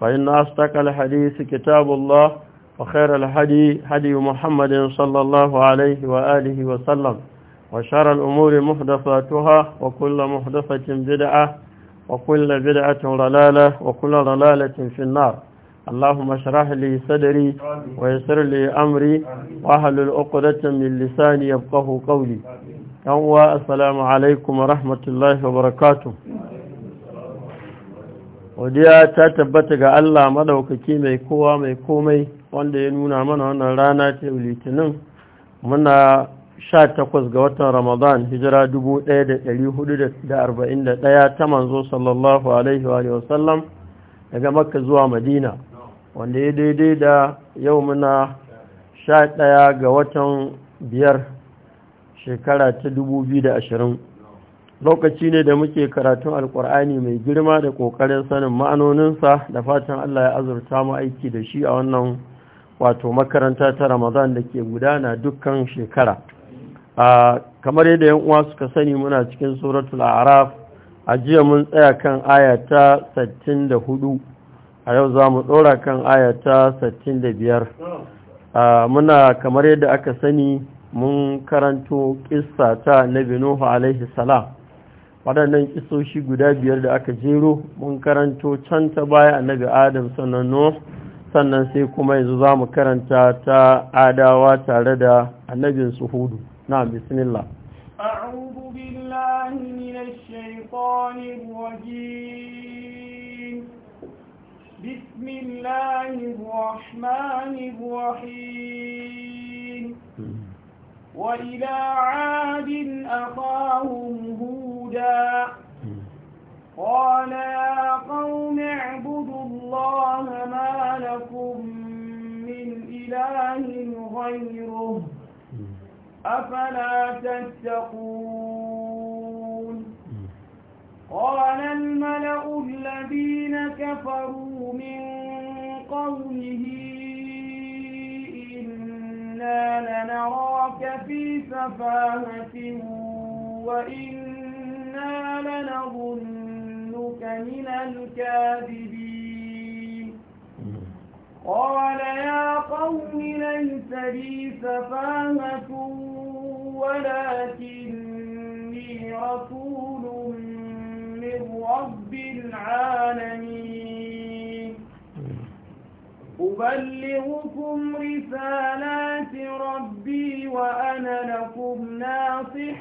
فإن أصدق الحديث كتاب الله وخير الهدي هدي محمد صلى الله عليه وآله وسلم وشر الأمور محدثاتها وكل محدثة بدعة وكل بدعة ضلالة وكل ضلالة في النار اللهم اشرح لي صدري ويسر لي أمري وأهل عقدة من لساني يبقه قولي السلام عليكم ورحمة الله وبركاته godiya ta tabbata ga Allah madaukaki mai kowa mai komai wanda ya nuna mana wannan rana ta litinin muna sha takwas ga watan ramadan hijira 1441 ta manzo sallallahu alaihi wa sallam daga makka zuwa madina wanda ya daidai da yau muna sha 11 ga watan biyar shekara ta 2020 lokaci ne da muke karatun alkur'ani mai girma da ƙoƙarin sanin ma'anoninsa da fatan Allah ya azurta mu aiki da shi a wannan wato makaranta ta ramadan da ke gudana dukkan shekara kamar yadda yan uwa suka sani muna cikin suratul araf a jiya mun tsaya kan aya ta 64 a yau za mu ɗora kan aya ta 65 muna kamar yadda aka sani mun karanto ƙissa ta nabi nuhu alaihi salam waɗannan kisoshi guda biyar da aka jero mun karanto can ta baya annabi adam sannan no sannan sai kuma yanzu za mu karanta ta adawa tare da annabin su hudu na bismillah بسم الله الرحمن الرحيم وإلى عاد أخاهم هودا قال يا قوم اعبدوا الله ما لكم من إله غيره أفلا تتقون قال الملأ الذين كفروا من قومه إِنَّا لَنَرَاكَ فِي سَفَاهَةٍ وَإِنَّا لَنَظُنُّكَ مِنَ الْكَاذِبِينَ قَالَ يَا قَوْمِ لَيْسَ لِي سَفَاهَةٌ وَلَكِنِّي رَسُولٌ مِّن رَّبِّ الْعَالَمِينَ أبلغكم رسالات ربي وأنا لكم ناصح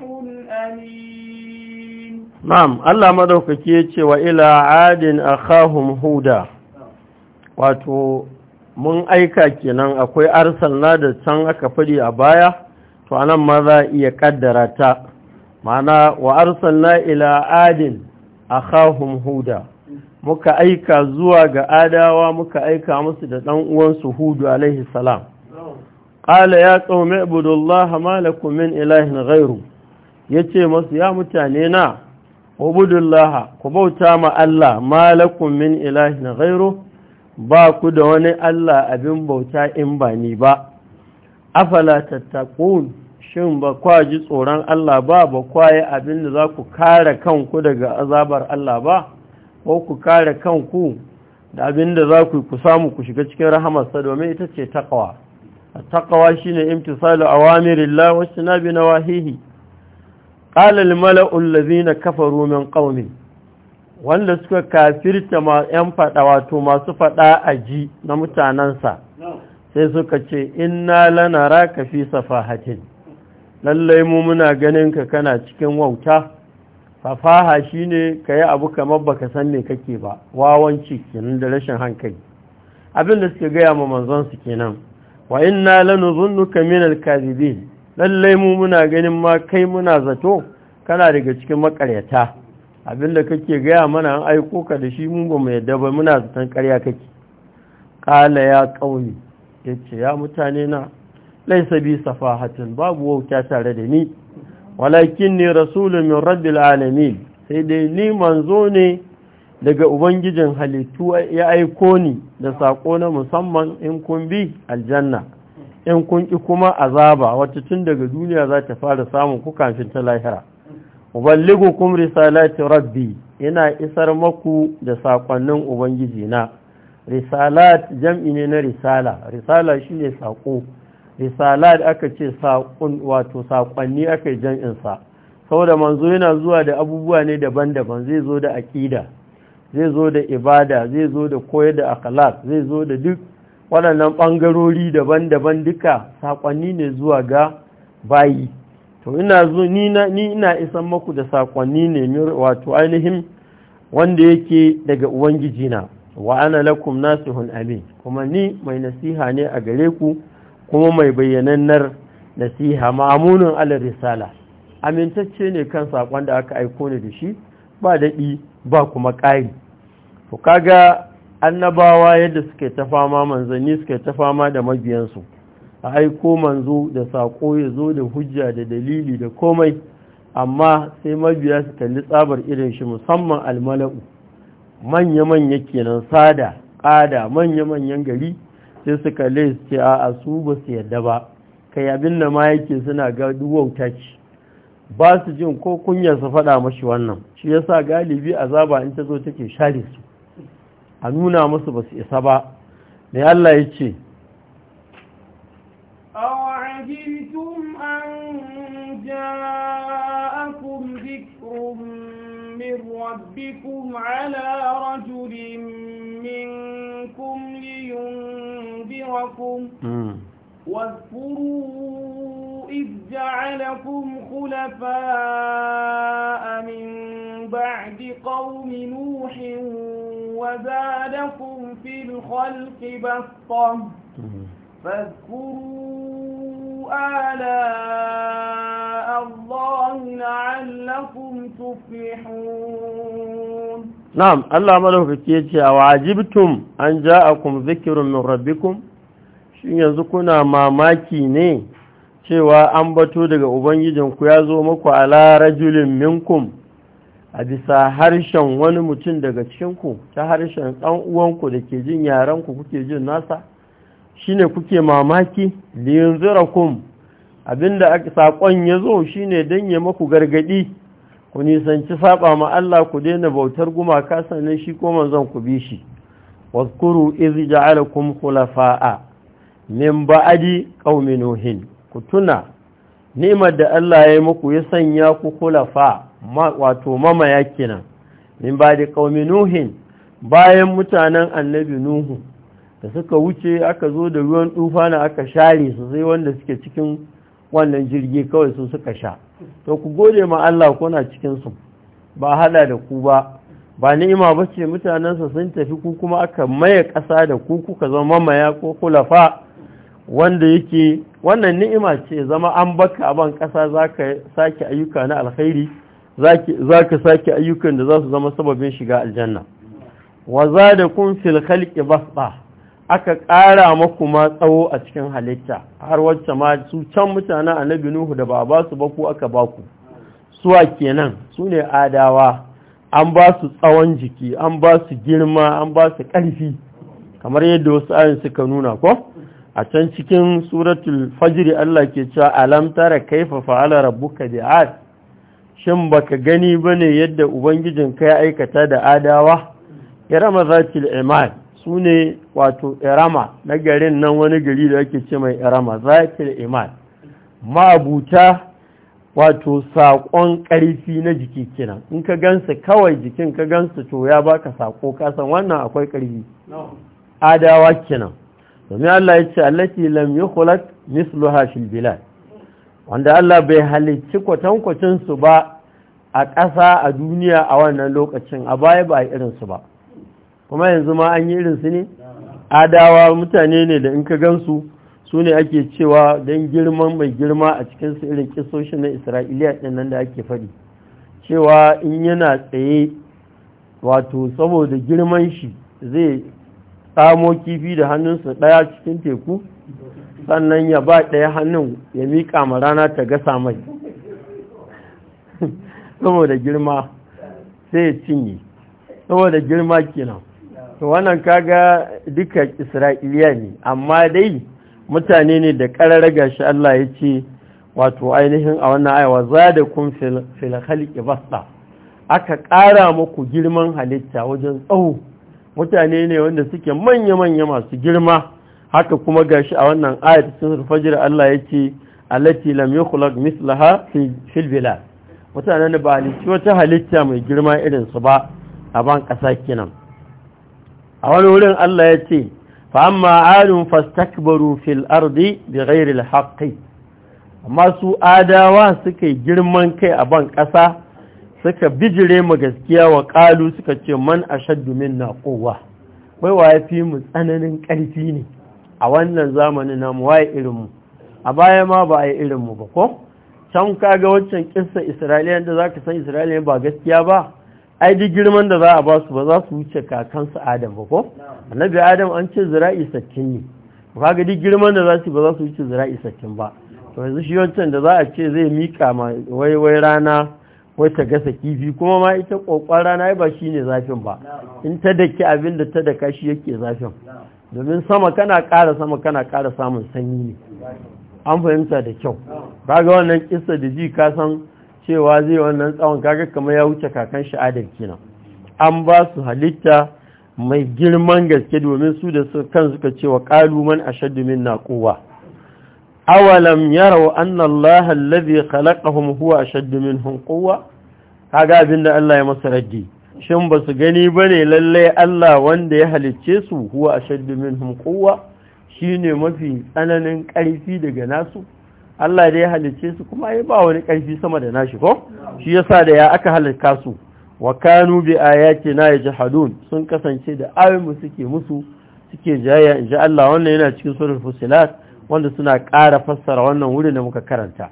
أمين نعم الله مدوك كيتي وإلى عاد أخاهم هودا واتو mun aika kenan akwai arsalna da can aka faɗi a baya to anan ma za iya ƙaddara ta ma'ana wa arsana ila adin huda muka aika zuwa ga adawa muka aika musu da ɗan uwansu hudu alaihi salam ƙala ya ƙaume abudullah malakum min ilahin ghairu ya ce masu ya mutane na abudullah ku bauta ma Allah malakum min ilahin ghairu ba ku da wani Allah abin bauta in ba ni ba afala tattaqun shin ba kwa ji tsoron Allah ba ba yi abin da za ku kare kanku daga azabar Allah ba ko ku kare kanku da abin da za ku ku samu ku shiga cikin rahamarsa domin ita ce taqwa taqwa shine imtisalu awamirillah wa na nawahihi qala al mala'u na kafaru min qaumi wanda suka kafirta ma yan fada wato masu fada aji na mutanansa sai suka ce inna lanaraka fi safahatin lallai mu muna ganin ka kana cikin wauta fafaha shine ka yi abu kamar baka san me kake ba wawanci kenan da rashin hankali abin da suke gaya ma manzon su kenan wa inna zunnuka min alkazibin lallai mu muna ganin ma kai muna zato kana daga cikin makaryata abin da kake gaya mana an aiko ka da shi mu ba mu yadda ba muna zaton karya kake qala ya qaumi yace ya mutane na laysa bi safahatin babu wauta tare da ni walakin ne rasulun min rabbil alamin sai dai ni manzo ne daga ubangijin halittu ya aiko ni da sako na musamman in kun bi aljanna in kun ki kuma azaba wacce tun daga duniya za ta fara samun ku kafin ta lahira kum risalati rabbi ina isar maku da sakonnin ubangiji na risalat jam'i ne na risala risala shine sako risala da aka ce saƙon wato saƙonni aka yi jan'insa saboda manzo yana zuwa da abubuwa ne daban-daban zai zo da aƙida zai zo da ibada zai zo da koyar da akhlaq zai zo da duk waɗannan ɓangarori daban-daban duka saƙonni ne zuwa ga bayi to ina zo ni ina isan maku da saƙonni ne wato ainihin wanda yake daga ubangiji na wa ana lakum nasihun amin kuma ni mai nasiha ne a gare ku kuma mai bayyanannar nasiha ma'amunin alar risala amintacce ne kan saƙon da aka aiko ne da shi ba daɗi ba kuma ƙari to kaga annabawa yadda suke ta fama manzanni suke ta fama da mabiyansu a aiko manzo da saƙo ya zo da hujja da dalili da komai amma sai mabiya su kalli tsabar irin shi musamman almala'u manya-manya kenan sada ƙada manya-manyan gari sai su kalle a su ba su yadda ba kai abin da ma yake suna ga duwauta ce ba su jin ko kunya su faɗa mashi wannan shi yasa galibi azaba in ta zo take share su a nuna musu ba su isa ba mai Allah ya ce ربكم على رجل منكم لينفر يعيركم واذكروا إذ جعلكم خلفاء من بعد قوم نوح وزادكم في الخلق بسطة فاذكروا آلاء الله لعلكم تفلحون نعم الله ملوك في أو عجبتم أن جاءكم ذكر من ربكم shi yanzu kuna mamaki ne cewa an bato daga ubangijinku ya zo muku ala rajulin minkum a bisa harshen wani mutum daga cikinku ta harshen ɗan uwanku da ke jin yarenku kuke jin nasa shine kuke mamaki linzirakum abinda sakon ya zo shine don ya maku gargadi ku nisanci saba ma Allah ku daina bautar gumaka sannan shi ko manzon ku bi shi wazkuru iz ja'alakum khulafa'a min ba'adi qaumi nuhin ku tuna ni'mar da Allah ya yi muku ya sanya ku kulafa wato mamaya kenan min ba'adi qaumi nuhin bayan mutanen annabi nuhu da suka wuce aka zo da ruwan tufana aka share su sai wanda suke cikin wannan jirgi kawai su suka sha to ku gode ma Allah kuna cikin su ba hada da ku ba ba ni'ima ba ce mutanensa sun tafi ku kuma aka maye ƙasa da ku kuka zama mamaya ko kulafa wanda yake wannan ni'ima ce zama an baka aban ban ƙasa za ka sake ayyuka na alkhairi zaka sake ayyukan da za su zama sababin shiga aljanna wa da kun fil khalqi basba aka ƙara maku ma tsawo a cikin halitta har wacce ma su can mutanen annabi nuhu da ba ba su ba ku aka ba ku suwa kenan su ne adawa an ba su tsawon jiki an ba su girma an ba su ƙarfi kamar yadda wasu ayin suka nuna ko a can cikin suratul fajri Allah ke cewa alam tara kaifa fa'ala rabbuka bi'ad shin baka gani bane yadda ubangijin ka ya aikata da adawa irama zatil imad sune wato irama na garin nan wani gari da yake ce mai irama zatil imad buta wato saƙon ƙarfi na jiki kenan in ka gansa kawai jikin ka gansa to ya baka saƙo kasan wannan akwai ƙarfi adawa kenan domin Allah ya ce allati lam yukhlaq mislu fil bilal wanda Allah bai halicci kwatankwacin su ba a ƙasa a duniya a wannan lokacin a baya ba a irinsu ba kuma yanzu ma an yi irinsu ne adawa mutane ne da in ka gansu su ne ake cewa don girman mai girma a cikinsu irin kisoshin na Isra'iliya ɗin nan da ake faɗi cewa in yana tsaye wato saboda girman shi zai samo kifi da hannunsa ɗaya cikin teku sannan ya ba ɗaya hannun ya miƙa ma rana ta gasa mai saboda girma sai ya cinye saboda girma kenan to wannan kaga duka isra'iliya ne amma dai mutane ne da ƙararraga shi Allah ya ce wato ainihin a wannan ayawa za da kun filhalki basta aka ƙara muku girman halitta wajen tsawo mutane ne wanda suke manya-manya masu girma haka kuma gashi a wannan ayat sun fajir Allah ya ce alati lam yukhlaq mislaha fil bilad mutanen ba halitta wata halitta mai girma irin su ba a ban kasa kenan a wani wurin Allah ya ce fa amma alun fastakbaru fil ardi bighairi al haqqi amma su adawa suka girman kai a ban kasa suka bijire mu gaskiya wa ƙalu suka ce man ashaddu minna quwwa wai waye fi mu tsananin ƙarfi ne a wannan zamanin mu waye irin mu a baya ma ba a yi irin mu ba ko can kaga waccan kissa Isra'iliyan da zaka san Isra'iliyan ba gaskiya ba ai duk girman da za a ba su ba za su wuce kakansu Adam ba ko annabi Adam an ce zira'i sakin ne kaga duk girman da za su ba za su wuce zira'i sakin ba to yanzu shi wancan da za a ce zai mika ma wai rana wata gasa kifi kuma ma ita kokwara na ba shi ne zafin ba in ta daki abin da ta daka shi yake zafin domin sama kana ƙara sama kana ƙara samun sanyi ne an fahimta da kyau kaga wannan kissa da ji ka san cewa zai wannan tsawon kaga kamar ya wuce kakan sha'adar kina. kenan an ba su halitta mai girman gaske domin su da su kan suka cewa ƙaluman ashaddu min naquwa awalam yarau anna Allah allazi khalaqahum huwa ashaddu minhum quwwa kaga abinda Allah ya masa raddi shin ba su gani bane lalle Allah wanda ya halicce su huwa ashaddu minhum quwwa shine mafi tsananin ƙarfi daga nasu Allah da ya halicce su kuma ai ba wani ƙarfi sama da nashi ko shi yasa da ya aka halaka su wa kanu bi ayatina yajhadun sun kasance da ayoyin suke musu suke jaya insha Allah wannan yana cikin surul fusilat wanda suna ƙara fassara wannan wuri da muka karanta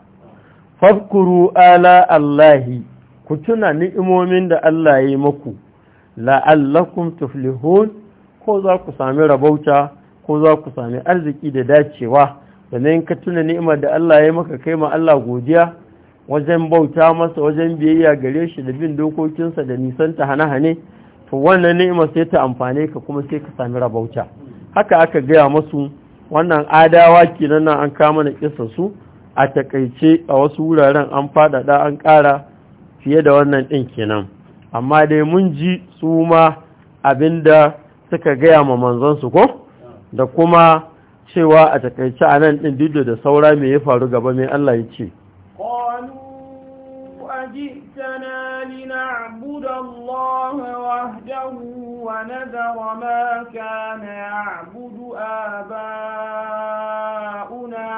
fafkuru ala allahi ku tuna ni'imomin da Allah ya yi maku la'allakum tuflihun ko za ku sami rabauta ko za ku sami arziki da dacewa sannan ka tuna ni'imar da Allah ya yi maka kai ma Allah godiya wajen bauta masa wajen biyayya gare shi da bin dokokinsa da nisan ta hane-hane to wannan ni'imar sai ta amfane ka kuma sai ka sami rabauta haka aka gaya masu wannan adawa kenan nan an kama na kisa su a takaice a wasu wuraren an faɗaɗa an ƙara fiye da wannan ɗin kenan amma dai mun ji su ma abinda suka gaya ma manzansu ko da kuma cewa a takaice a nan ɗin dido da saura mai ya faru gaba mai Allah ya ce قالوا أجئتنا لنعبد الله وحده ونذر ما كان يعبد آباؤنا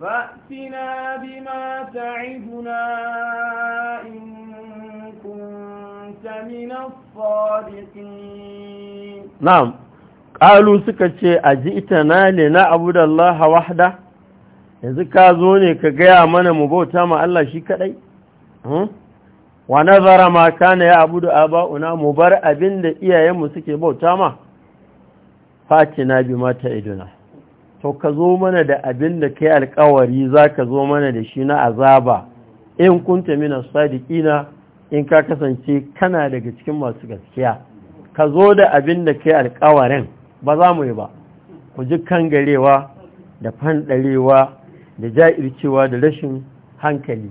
فأتنا بما تعدنا إن كنت من الصادقين نعم قالوا سكتشي أجئتنا لنعبد الله وحده yanzu ka zo ne ka gaya mana mu bauta ma Allah shi kadai? wa nazara ma kana ya abudu aba'una mu bar abin da iyayenmu suke bauta ma fatina bi mata iduna to ka zo mana da abin da kai alkawari zaka zo mana da shi na azaba in kunta minas sadiqina in ka kasance kana daga cikin masu gaskiya ka zo da abin da kai alkawarin ba za mu yi ba ku ji kangarewa da fandarewa da ja'ircewa da rashin hankali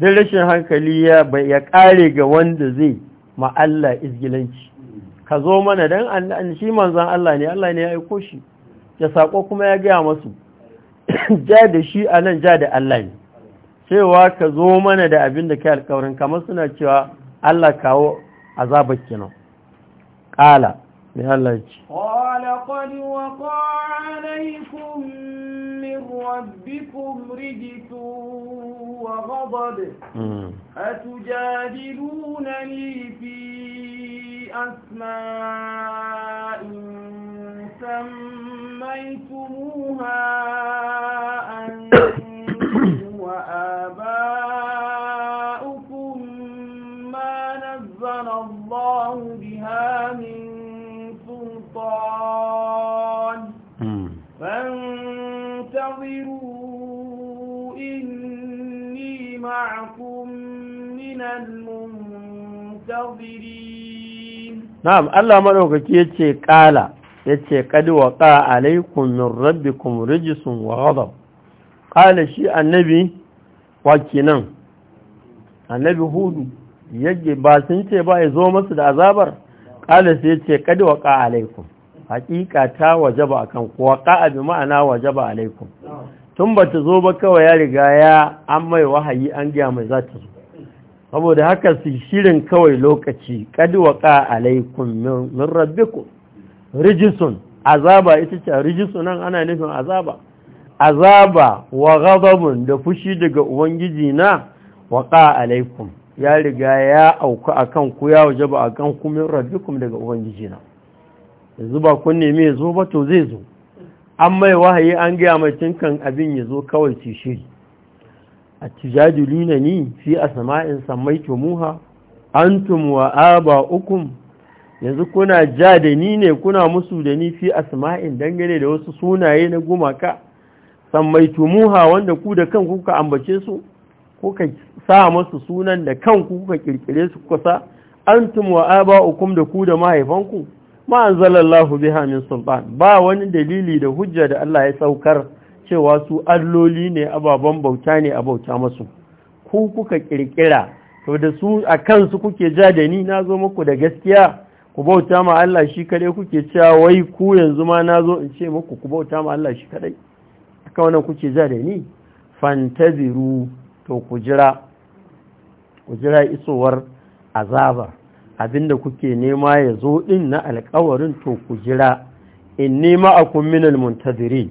don rashin hankali ya ƙare ga wanda zai ma'alla izgilanci ka zo mana don shi manzan Allah ne Allah ne ya aiko shi ya saƙo kuma ya gaya masu ja da shi a nan ja da Allah ne cewa ka zo mana da abin da kai alkawarin kamar suna cewa Allah kawo azabar kenan ƙala mai Allah ce من ربكم رجس وغضب أتجادلونني في أسماء سميتموها أنتم وآباؤكم ما نزل الله بها من سلطان Na’am, Allah maɗaukaki ya ce ƙala, ya ce ƙadi wa ƙa’a min rabbi kuma rijisun wa ƙazau. Ƙala shi annabi waki nan, annabi hudu, yage ba sun ce ba ya zo masu da azabar, ƙala sai ya ce ƙadi wa ƙa’a alaikun. ta waje ba a kan kuwa ƙa’a bi ma’ana waje ba alaikun. Tun ba ta zo ba kawai ya riga ya an mai wahayi an gaya mai za zo. saboda haka su shirin kawai lokaci kadwaka alaikum min rabbikum rijisun azaba ita ce rijisun nan ana nufin azaba azaba wa ghadabun da fushi daga ubangiji na waqa alaikum ya riga ya auku akan ku ya wajaba akan ku min rabbikum daga ubangiji na yanzu ba kun neme ya zo ba to zai zo an mai wahayi an gaya mai tinkan abin ya zo kawai su shiri a fi asma'in muha, antum wa aba'ukum yanzu kuna ja da ni ne kuna musu da ni fi asma'in dangane da wasu sunaye na gumaka muha wanda ku da kanku kuka ambace su kuka sa musu sunan da kanku kuka kirkire su kuka sa antum wa aba'ukum da ku da mahaifanku ma anzalallahu biha min sultan ba wani dalili da hujja da Allah ya saukar cewa su alloli ne ababen bauta ne a bauta masu ku kuka kirkira to da su a kansu kuke ja da ni na zo muku da gaskiya ku bauta ma Allah shi kadai kuke cewa wai ku yanzu ma na zo in ce muku ku bauta ma Allah shi kadai aka wannan kuke ja da ni fantaziru to ku jira ku jira isowar azaba abinda kuke nema ya zo din na alƙawarin to ku jira in nema akun minal muntazirin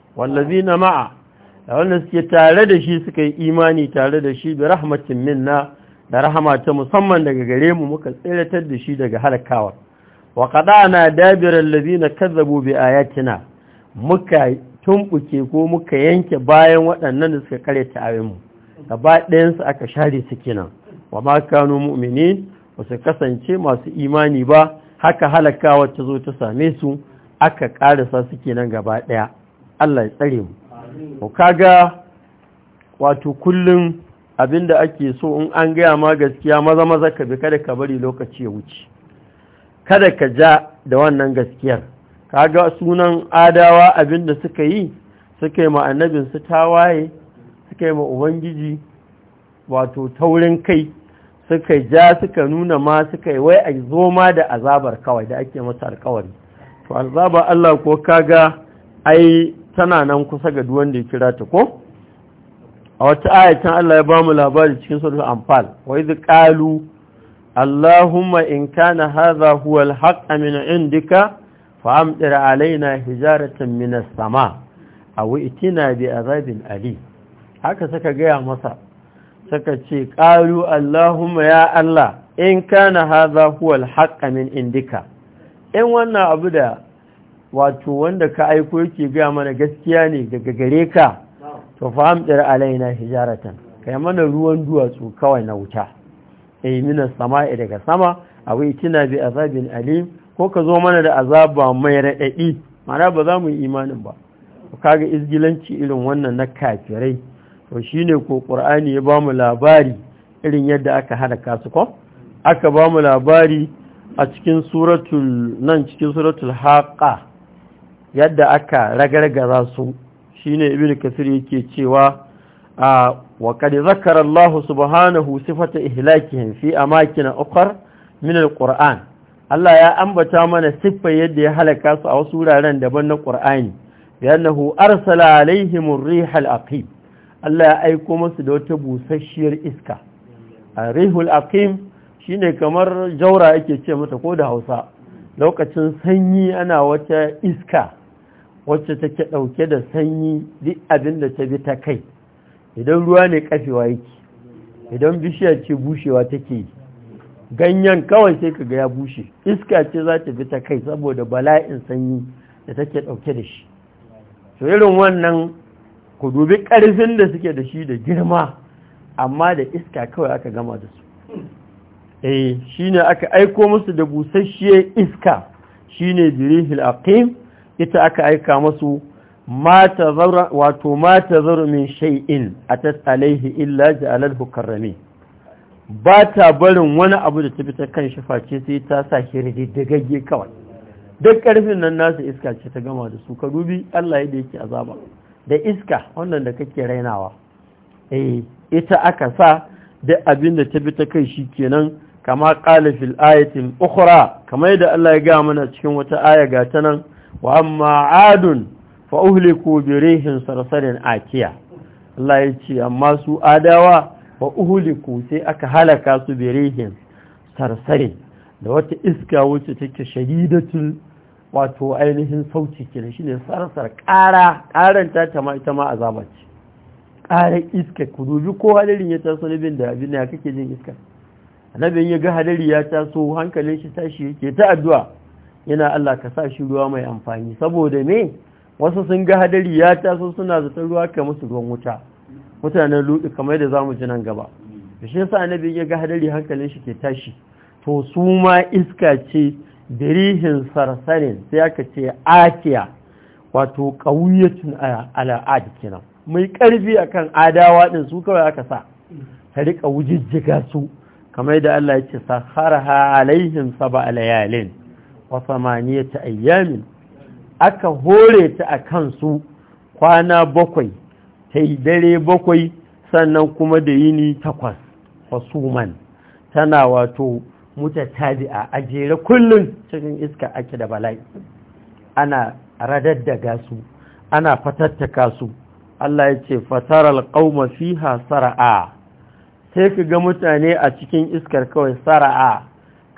wallazi na ma'a da wanda suke tare da shi suka yi imani tare da shi bi rahmatin minna da rahama ta musamman daga gare mu muka tsiratar da shi daga halakawa wa qada'na dabiral na kazzabo bi ayatina muka tumbuke ko muka yanke bayan waɗannan da suka kare ta abin mu gaba ɗayan aka share su kenan wa ma kanu mu'minin ba su kasance masu imani ba haka halakawa ta zo ta same su aka ƙarasa su kenan gaba ɗaya Allah ya tsare mu Ko kaga wato kullum da ake so in an gaya ma gaskiya maza maza ka bi kada ka bari lokaci ya wuce kada ka ja da wannan gaskiyar kaga sunan adawa abinda suka yi suka yi ma annabin su tawaye suka yi ma ubangiji wato taurin kai suka ja suka nuna ma suka yi wai a zo ma da azabar kawai da ake masa alkawari to Allah ko kaga ai tana nan kusa ga da ya kira ta ko a wata ayatan Allah ya bamu mu labari cikin suratul anfal wa idh qalu allahumma in kana hadha huwa al in min indika fa'amdir alaina hijaratan min as-sama aw itina bi azabin ali haka saka gaya masa saka ce qalu allahumma ya allah in kana hadha huwa al min indika in wannan abu da wato wanda ka aiko yake gaya mana gaskiya ne daga gare ka to fahimtar alaina hijaratan kai mana ruwan duwatsu kawai na wuta eh mina sama'i daga sama A wai kina bi azabin alim ko ka zo mana da azaba mai raɗaɗi mana ba za mu yi imanin ba kaga izgilanci irin wannan na kafirai to shine ko qur'ani ya ba mu labari irin yadda aka halaka su ko aka ba mu labari a cikin suratul nan cikin suratul haqa yadda aka ragargaza su shine ibnu kasir yake cewa a wa qad zakara Allah subhanahu sifata ihlakihim fi amakin ukar min alquran Allah ya ambata mana siffar yadda ya halaka su a wasu wuraren daban na Qur'ani yannahu arsala alaihim ar aqim Allah ya aiko masu da wata busasshiyar iska ar-rihul aqim shine kamar jaura yake ce mata ko da Hausa lokacin sanyi ana wata iska wacce take ɗauke da sanyi duk abin da ta bi ta kai idan ruwa ne kafewa yake idan bishiya ce bushewa take yi ganyen kawai sai ka ga ya bushe iska ce za ta bi ta kai saboda bala'in sanyi da take ɗauke da shi to irin wannan ku dubi ƙarfin da suke da shi da girma amma da iska kawai aka gama da su eh shine aka aiko musu da busasshe iska shine jirihil aqim ita aka aika masu mata zaura wato mata zaura min shay'in atas alaihi illa ja'alahu karrami ba ta barin wani abu da ta fitar kan shi face sai ta sa shi rididdigagge kawai duk karfin nan nasu iska ce ta gama da su ka dubi Allah yadda yake azaba da iska wannan da kake rainawa eh ita aka sa duk abin da ta fitar kai shi kenan kama qala fil ayatin ukhra kamar yadda Allah ya ga mana cikin wata aya ga ta nan wa amma adun fa sarsarin akiya Allah ya ce amma su adawa fa uhliku sai aka halaka su bi rihin sarsarin da wata iska wuce take shadidatul wato ainihin sauci kenan shine sarsar ƙara ƙaranta ta ma ita ma azaba ce ƙarar iska ku dubi ko hadarin ya taso nabin da abin ya kake jin iska annabin ya ga hadari ya taso hankalin shi tashi yake ta addu'a yana Allah ka sa shi ruwa mai amfani saboda me wasu sun ga hadari ya taso suna zaton ruwa ka musu ruwan wuta mutanen luɗi, kamar da zamu ji nan gaba shi yasa annabi ya ga hadari hankalin shi ke tashi to su ma iska ce dirihin sarsarin sai aka ce akiya wato ƙauyatun al'ad kenan mai ƙarfi akan adawa din su kawai aka sa ta riƙa wujijjiga su kamar da Allah ya ce sakharaha alaihim saba layalin wa samaniyata ayyamin aka hore ta a kansu kwana bakwai ta yi dare bakwai sannan kuma da yini takwas fasuman tana wato tabi a ajere kullum cikin iska ake da bala'i ana radaddaga su ana fatattaka su Allah ya ce fataral qauma fiha sara'a sai ka ga mutane a cikin iskar kawai sara'a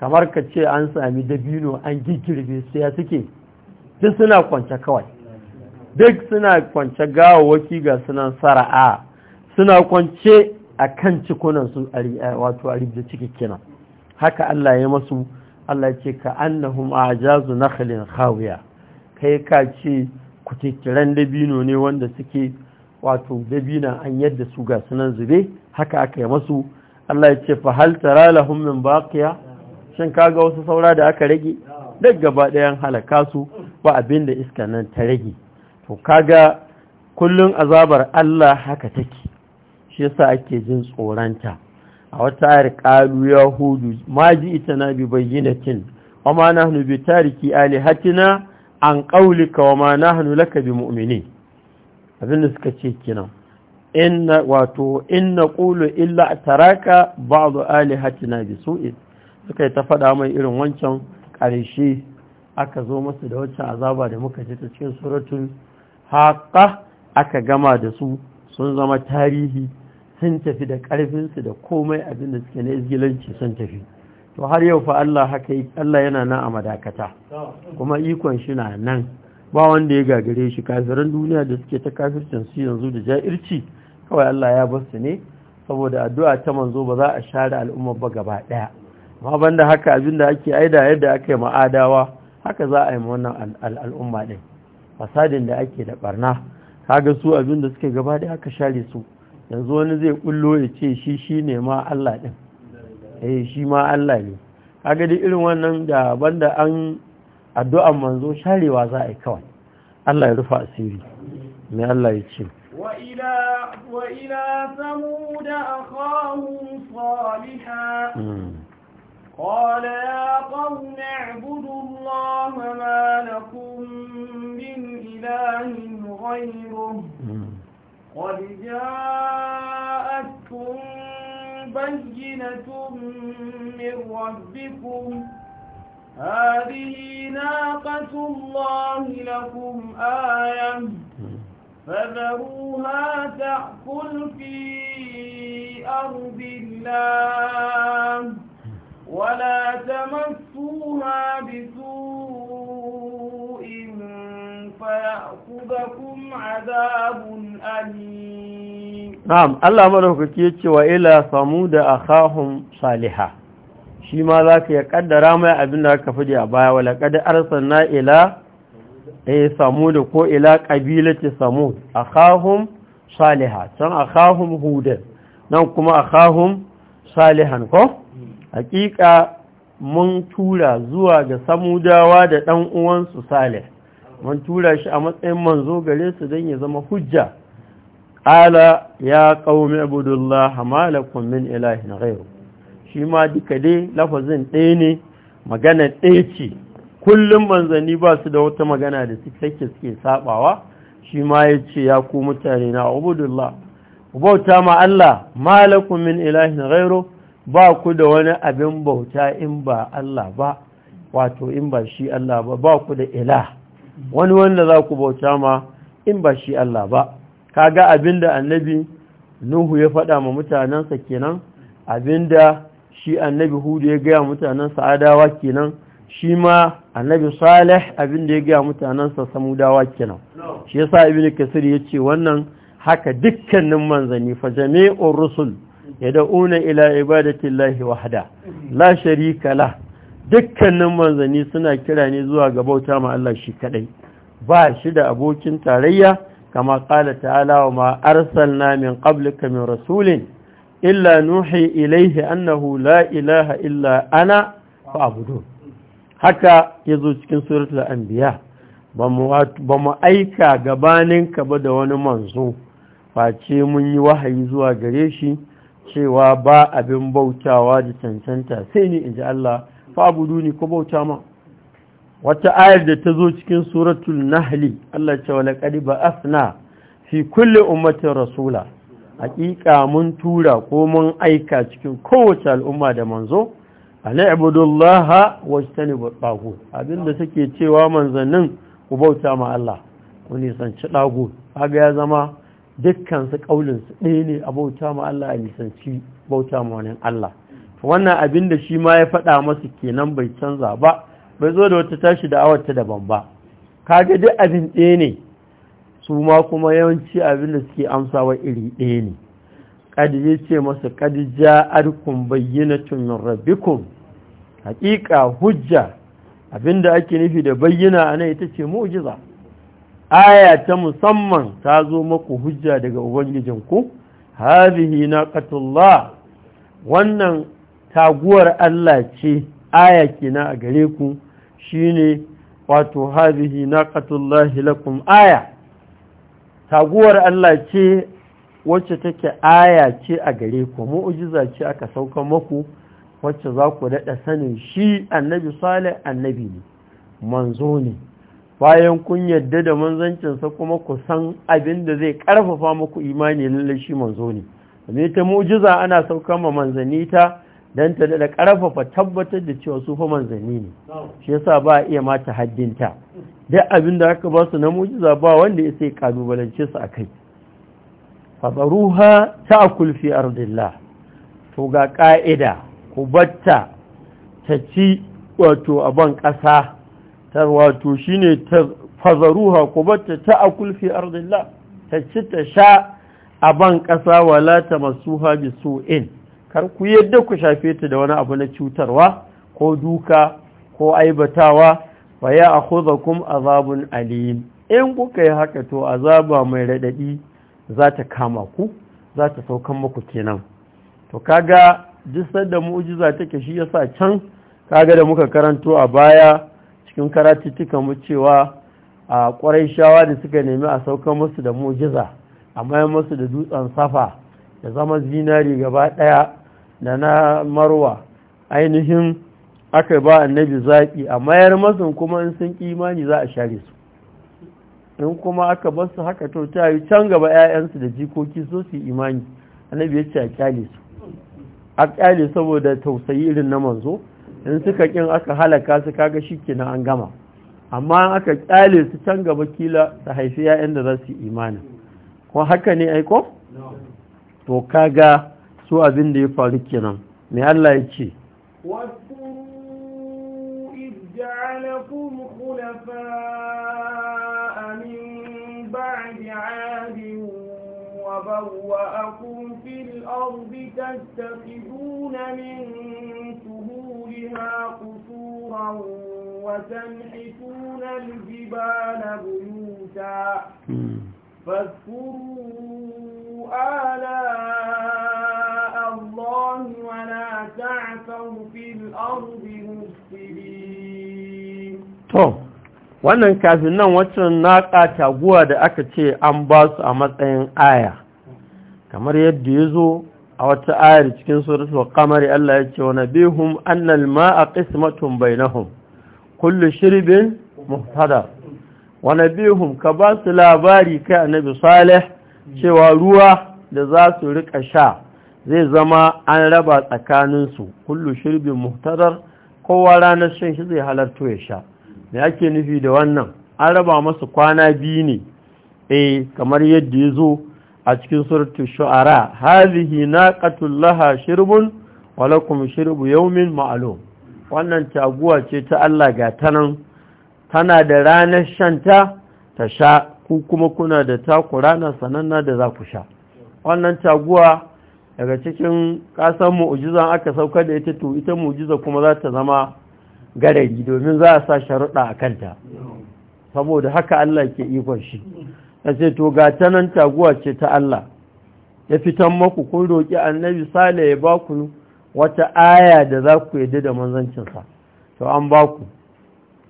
kamar ka ce an sami dabino an gigirbe su ya suke duk suna kwance kawai duk suna kwance gawawaki ga sunan sara'a suna kwance a kan cikunansu wato a ribda ciki kenan haka Allah ya masu Allah ce ka annahum na halin khawiya kai ka ce tekiran dabino ne wanda suke wato dabina an yadda su ga sunan zube haka aka yi masu Allah ya ce fa hal tara lahum min baqiya shin kaga wasu saura da aka rage duk gaba ɗayan halaka su ba abin da iska nan ta rage to kaga kullun azabar Allah haka take shi yasa ake jin tsoranta a wata ayar qalu yahudu ma ji na bi bayyinatin wa ma nahnu bi tariki alihatina an qaulika wa ma nahnu laka bi mu'minin abin da suka ce kenan inna wato inna qulu illa taraka ba'd alihatina bi su'in suka yi ta faɗa mai irin wancan ƙarshe aka zo masu da wancan azaba da muka ji ta cikin suratun haƙa aka gama da su sun zama tarihi sun tafi da ƙarfinsu da komai abin da suke na izgilanci sun tafi to har yau fa Allah haka Allah yana nan a madakata kuma ikon shi na nan ba wanda ya gagare shi kafirin duniya da suke ta kafircin su yanzu da ja'irci kawai Allah ya bar su ne saboda addu'a ta manzo ba za a share al'umma ba gaba ɗaya amma banda haka abinda ake aida yadda aka ma'adawa haka za a yi wannan al'umma ɗin fasadin da ake da barna kaga su abinda suke gaba da aka share su yanzu wani zai kullo ya ce shi shi ne ma Allah ɗin eh shi ma Allah ne kaga dai irin wannan da banda an addu'an manzo sharewa za a yi kawai Allah ya rufa asiri mai Allah ya ce وإلى ثمود أخاهم صالحا قال يا قوم اعبدوا الله ما لكم من إله غيره قد جاءتكم بينة من ربكم هذه ناقة الله لكم آية فذروها تأكل في أرض الله ولا تمسوها بسوء فيأخذكم عذاب أليم نعم الله ملوك يتي وإلى ثمود أخاهم صالحا shi ma za ka ya ƙaddara mai abin da aka fadi a baya wala kada na ila eh da ko ila qabilati samud akhahum Saliha. can akhahum hud nan kuma akhahum salihan ko hakika mun tura zuwa ga samudawa da ɗan uwansu salih mun tura shi a matsayin manzo gare su don ya zama hujja ƙala ya qaumi abudullah hamalakun lakum min ilahin ghayru shi ma duka dai lafazin ɗaya ne magana ɗaya ce kullum manzanni ba su da wata magana da suke suke sabawa shi ma ya ce ya ku mutane na abudullah bauta ma Allah ma lakum min ilahin ba ku da wani abin bauta in ba Allah ba wato in ba shi Allah ba ba ku da ila wani wanda za ku bauta ma in ba shi Allah ba kaga abin da annabi Nuhu ya faɗa ma mutanensa kenan abin da shi annabi Hudu ya gaya mutanensa Adawa kenan shi ma annabi Salih abin da ya gaya mutanensa Samudawa kenan shi yasa Ibn Kasir ya ce wannan haka dukkanin manzanni fa jami'ur rusul yad'una ila ibadatillahi wahda la sharika la dukkanin manzanni suna kira ne zuwa ga bauta ma Allah shi kadai ba shi da abokin tarayya kama qala ta'ala wa ma arsalna min qablika min rasulin illa nuhi ilayhi annahu la ilaha illa ana fa'budun haka yazo cikin suratul anbiya ba mu aika gabaninka ba da wani manzo face mun yi wahayi zuwa gare shi cewa ba abin bautawa da cancanta sai ni in ji Allah fa'abudu ni ko bauta ma wata ayar da ta zo cikin suratul nahli Allah cewa ba asna fi kulle ummatin rasula haƙiƙa mun tura ko mun aika cikin kowace al'umma da manzo ala ibudullaha wajtanibu abin abinda take cewa manzannin ku bauta ma Allah ku nisanci dago kaga ya zama dukkansu ƙaulinsu ɗaya ne a bauta ma Allah a nisanci bauta ma wani Allah wannan abin da shi ma ya faɗa masu kenan bai canza ba bai zo da wata tashi da ta daban ba kaga duk abin ɗaya ne su ma kuma yawanci abin da suke amsawa iri ɗaya ne Kadi ya ce masa ja arkun Bayyana, tunan rabbikum haƙiƙa hujja Abin da ake nufi da bayyana ana ita ce mu'jiza aya ta musamman ta zo maku hujja daga ubangijinku hadhihi naqatullah wannan taguwar Allah ce aya kina a gare ku shine wato hadhihi naqatullahi lakum aya taguwar Allah ce wacce take aya ce a gare ku mu'jiza ce aka sauka maku wacce za ku daɗa sanin shi annabi salih annabi ne manzo ne bayan kun yadda da manzancinsa kuma ku san abin da zai ƙarfafa muku imani lallai shi manzo ne domin ta mu'jiza ana sauka ma manzanni ta don ta da ƙarfafa tabbatar da cewa su fa manzanni ne shi yasa ba a iya mata haddinta duk abin da aka ba su na mu'jiza ba wanda ya sai kalubalance su akai fadaruha ta'kul fi ardillah to ga ka'ida ku batta ta ci wato a ban ƙasa tarwato shi ne ta fazaruha ku bata ta a kulfi ardillah ta ci ta sha a ban ƙasa wala ta masu haji in: kar ku yadda ku shafe ta da wani abu na cutarwa ko duka ko aibatawa wa ya a azabun alim in kuka yi haka to azaba mai raɗaɗi za ta kama ku za ta saukan muku kenan to kaga jisar da mu'ujiza take shi yasa can kaga da muka karanto a baya cikin karatuttuka mu cewa a ƙwarai shawa da suka nemi a sauka musu da mujiza a mayan musu da dutsen safa da zama zinari gaba ɗaya da na marwa ainihin aka ba annabi zaƙi a mayar masu kuma in sun imani za a share su in kuma aka su haka to ta yi can gaba 'ya'yansu da jikoki so su imani annabi ya ce a kyale su a kyale saboda tausayi irin na manzo in suka kin aka halaka su kaga shikenan an gama amma aka kyale su can gaba kila su haifi yayan da za su yi imani ko haka ne aiko to kaga su abin da ya faru kenan me Allah ya ce wasu وبوأكم في الأرض تتخذون من سهولها قصورا وتنحتون الجبال بيوتا فاذكروا آلاء الله ولا تعثوا في الأرض مفسدين wannan kafin nan wacin na ƙata guwa da aka ce an ba su a matsayin aya kamar yadda ya zo a wata ayar cikin suratul qamari Allah ya ce wa nabihum annal ma'a qismatun bainahum kullu shirbin muhtada wa nabihum ka ba su labari kai annabi salih cewa ruwa da za su rika sha zai zama an raba tsakanin su kullu shirbin muhtadar kowa ranar shan shi zai halarto ya sha me ake nufi da wannan an raba masu kwana biyu ne eh kamar yadda ya zo a cikin suratul shu'ara hadhihi naqatul laha shirbun wa lakum shirbu yawmin ma'lum wannan taguwa ce ta Allah ga tanan tana da ranar shan ta sha ku kuma kuna da taku sananna da za ku sha wannan taguwa daga cikin kasan mu'jizan aka sauka da ita to ita mu'jiza kuma za ta zama garagi domin za a sa sharuɗa a kanta saboda haka Allah ke ikon shi ya ce to ga ta nan taguwa ce ta Allah ya fitan maku ko roƙi annabi sale ya baku wata aya da za ku yadda da manzancinsa to an baku ku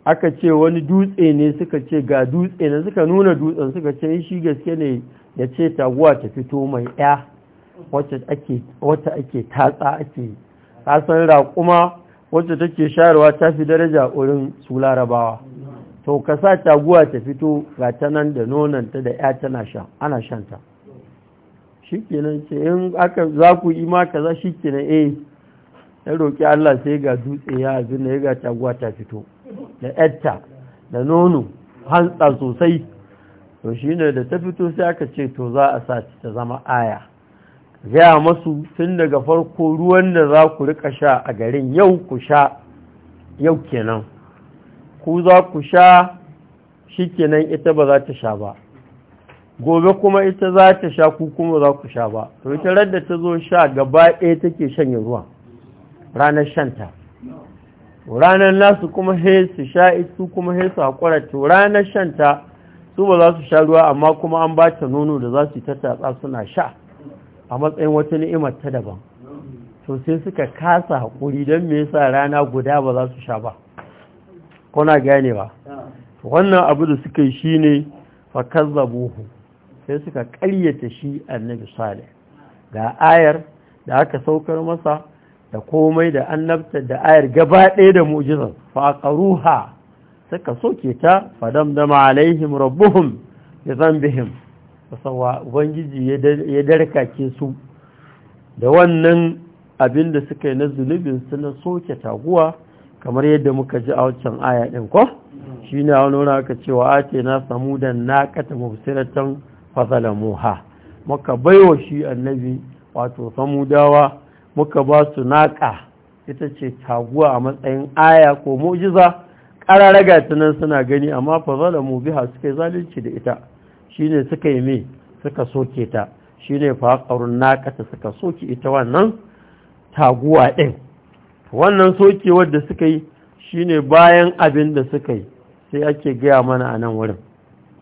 aka ce wani dutse ne suka ce ga dutse ne suka nuna dutsen suka ce eh, shi gaske ne ya ce taguwa ta fito mai ɗaya wacce ake tatsa ake kasan raƙuma wacce take shayarwa ta fi daraja wurin su larabawa to ka sa taguwa ta fito ga tanan nan da nonanta da ya tana sha ana shanta shi kenan ce in aka za ku yi ma za shi kenan eh ya roƙi Allah sai ga dutse ya abin ya ga taguwa ta fito da yatta da nono hantsa sosai to shi ne da ta fito sai aka ce to za a sa ta zama aya gaya masu tun daga farko ruwan da za ku rika sha a garin yau ku sha yau kenan ku za ku sha shi kenan ita ba za ta sha ba gobe kuma ita za ta sha ku kuma za ku sha ba to ita radda ta zo sha gaba ɗaya take shanye ruwa ranar shanta ranar nasu kuma he su sha su kuma he su haƙura to ranar shanta su ba za su sha ruwa amma kuma an ba ta nono da za su ta tatsa suna sha a matsayin wata ni'imar ta daban to sai suka kasa haƙuri don me yasa rana guda ba za su sha ba kuna ba wannan abu da suka yi shi ne sai suka ƙaryata shi annabi salih ga ayar da aka saukar masa da komai da annabta da ayar gaba ɗaya da mu'jizar faqaruha suka soke ta fadamdama alaihim rabbuhum bi dhanbihim sawa ubangiji ya darkake su da wannan abin da suka yi na zunubin suna soke taguwa kamar yadda muka ji a waccan aya ɗin ko shi ne wani nuna aka cewa ake na samu da na kata mafisiratan fasalamuha muka baiwa shi annabi wato samudawa muka ba su naƙa ita ce taguwa a matsayin aya ko mu'jiza ƙararraga ta nan suna gani amma fasalamu biha suka yi zalunci da ita shi ne suka yi me suka soke ta shi ne fa haƙarun naƙata suka soke ita wannan taguwa ɗin wannan sokewar da suka yi shi ne bayan abin da suka yi sai ake gaya mana a nan wurin